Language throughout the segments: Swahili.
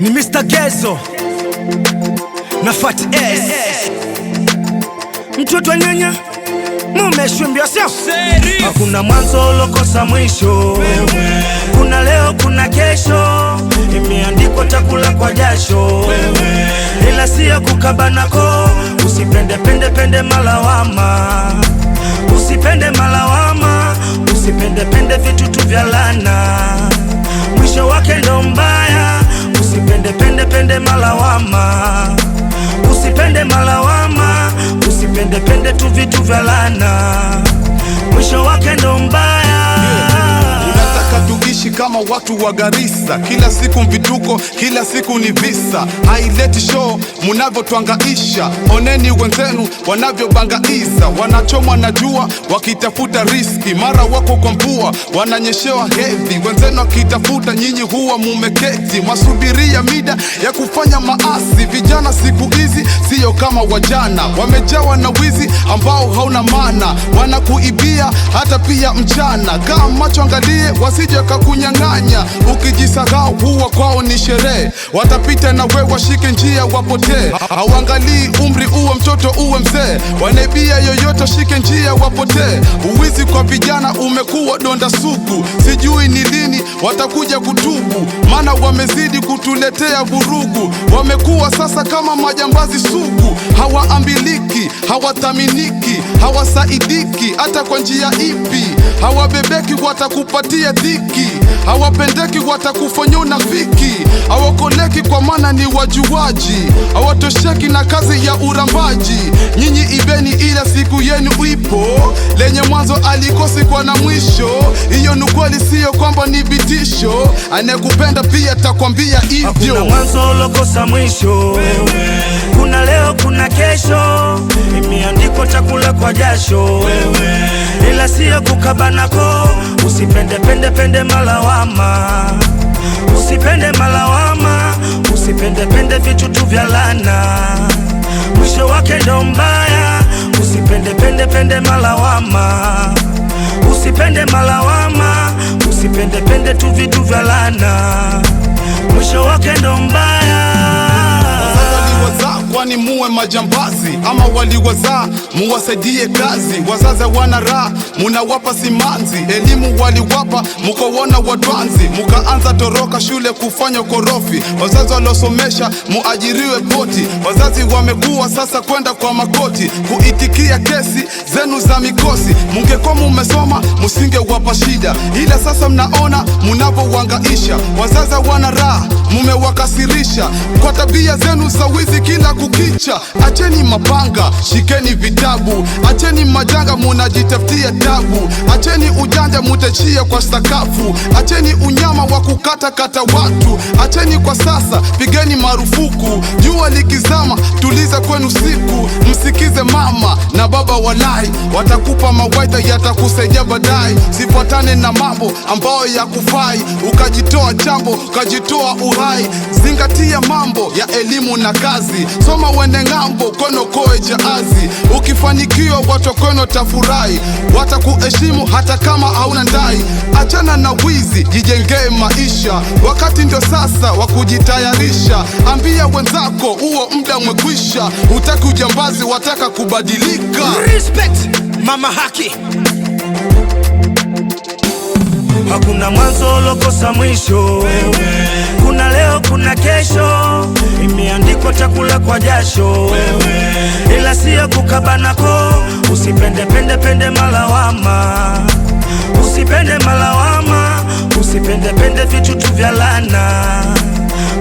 Ni Mr. Gezo na Fat S mtoto nyanya mumeshwimbia sio? Hakuna mwanzo ulokosa mwisho, kuna leo kuna kesho, imeandikwa chakula kwa jasho, ila sio kukabanako. Usipende pende pende malawama, usipende malawama, usipende pende vitutu vya lana usipende malawama, usipende malawama, usipende pende tu vitu vya lana mwisho wake ndo mbaya hatuishi kama watu wa Garissa, kila siku mvituko, kila siku ni visa. Haileti show munavyotwangaisha, oneni wenzenu wanavyobangaisa, wanachomwa na jua wakitafuta riski, mara wako kwa mvua wananyeshewa hedhi, wenzenu wakitafuta, nyinyi huwa mumeketi, mwasubiria mida ya kufanya maasi. Vijana siku hizi sio kama wajana, wamejawa na wizi ambao hauna maana, wanakuibia hata pia mchana. Kaa macho, angalie wasije kakunyang'anya, ukijisahau huwa kwao ni sherehe. Watapita na wewe washike njia wapotee, hawangalii umri, uwe mtoto uwe mzee, wanaibia yoyote, washike njia wapotee. Uwizi kwa vijana umekuwa donda sugu, sijui ni lini watakuja kutubu, maana wamezidi kutuletea vurugu, wamekuwa sasa kama majambazi sugu ndugu hawaambiliki, hawathaminiki, hawasaidiki hata kwa njia ipi, hawabebeki, watakupatia dhiki, hawapendeki, watakufanyia unafiki, hawakoleki kwa maana ni wajuaji, hawatosheki na kazi ya urambaji. Nyinyi ibeni, ila siku yenu ipo, lenye mwanzo alikosi kwa na mwisho. Hiyo ni kweli, siyo kwamba ni vitisho. Anayekupenda pia takwambia hivyo. Hakuna mwanzo ulokosa mwisho wewe kuna leo, kuna kesho. Imeandikwa chakula kwa jasho, ila siyo kukabanako. Usipende pende pende malawama, usipende malawama, usipende pende vichutu vya lana, mwisho wake ndo mbaya. Usipende pende pende malawama, usipende malawama, usipende pende tu vitu vya lana, mwisho wake ndo mbaya kwani muwe majambazi ama waliwazaa, muwasaidie kazi. Wazazi wana raha, munawapa simanzi, elimu waliwapa, mukowona watwanzi, mukaanza toroka shule kufanya korofi. Wazazi walosomesha muajiriwe boti, wazazi wamekuwa sasa kwenda kwa makoti kuitikia kesi zenu za mikosi. Mungekuwa mumesoma musingewapa shida, ila sasa mnaona munavowangaisha. Wazazi wana raha, mumewakasirisha kwa tabia zenu za wizi. kuku picha, acheni mapanga, shikeni vitabu, acheni majanga, munajitafutia tabu, acheni ujanja, mutachia kwa sakafu, acheni unyama wa kukatakata watu, acheni kwa sasa, pigeni marufuku. Jua likizama, tuliza kwenu siku, msikize mama na baba, walai watakupa mawaidha yatakusaidia baadaye. Sifuatane na mambo ambayo yakufai, ukajitoa chambo, ukajitoa uhai. Zingatia mambo ya elimu na kazi, soma uende ng'ambo kono koe jaazi. Ukifanikiwa watu tafurahi, watakuheshimu hata kama hauna ndai. Achana na wizi, jijengee maisha, wakati ndio sasa wa kujitayarisha. Ambia wenzako huo muda umekwisha, utaki ujambazi, wataka kubadilika. Respect mama haki hakuna mwanzo lokosa mwisho leo kuna kesho, imeandikwa chakula kwa jasho, ila si ya kukabanako. Usipende pende pende malawama, usipende malawama, usipende pende vichutu vya lana,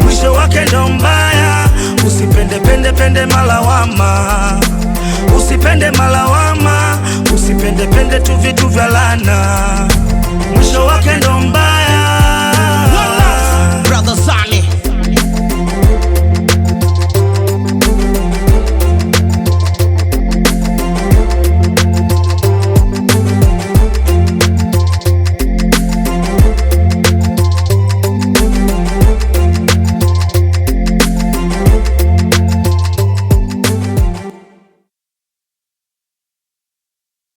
mwisho wake ndo mbaya. Usipende pende pende malawama, usipende malawama, usipende pende tu vitu vya lana